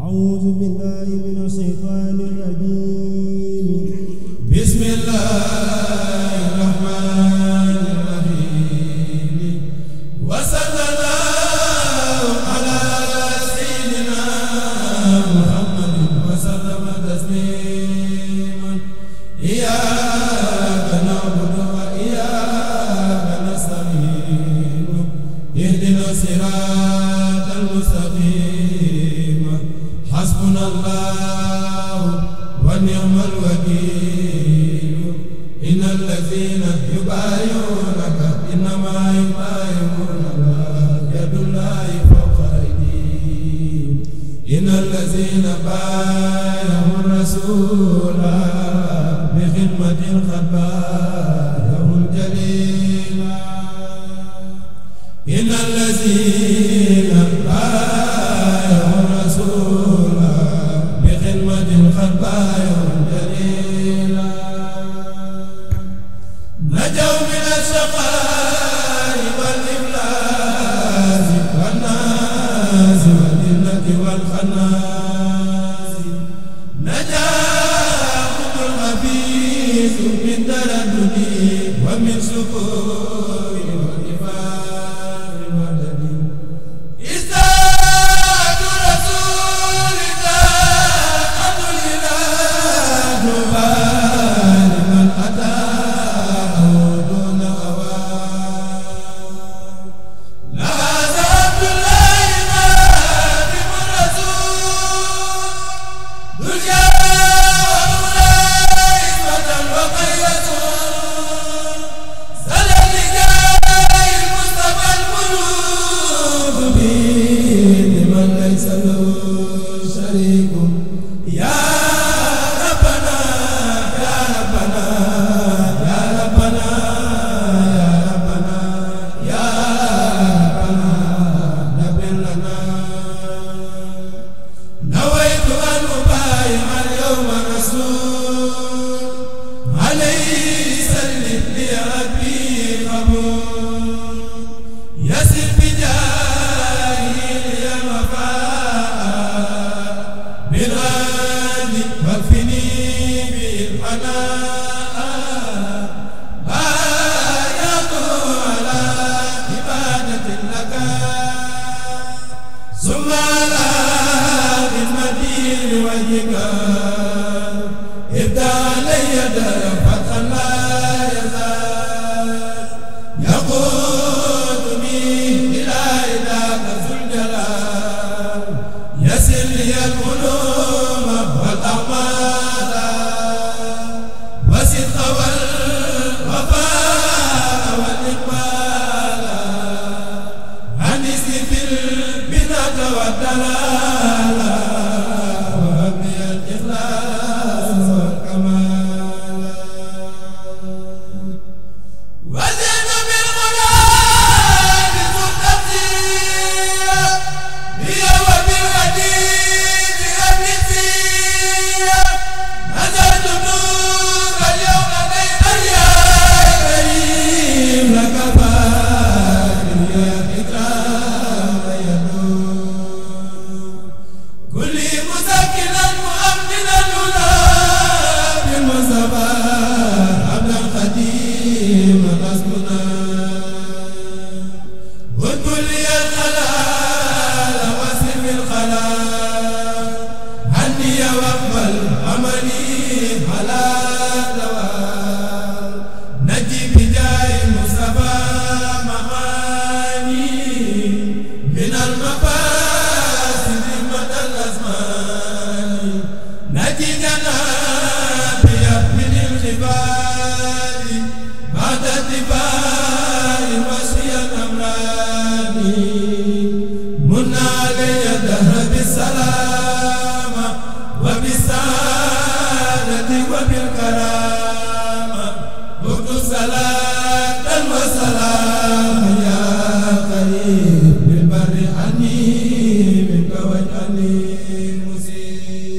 أعوذ بالله من الشيطان inna allazina baayahu rasula bi xidmatin qad baayahum jalila inna allazina baayahu rasula bi xidmatin qad baayahum jalila najaw min ashaqaa أنا أملي على الدين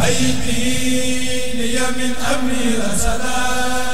هيبي لي من أمري رسلا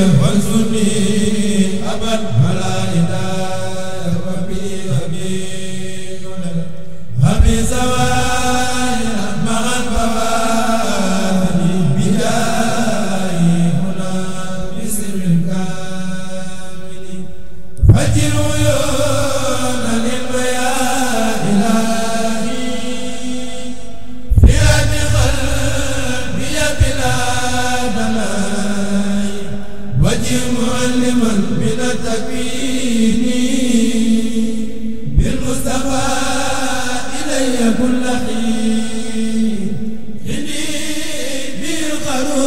وزني أبدا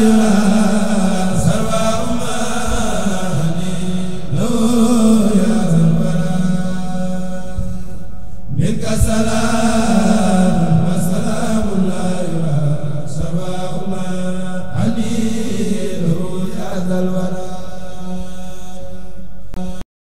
la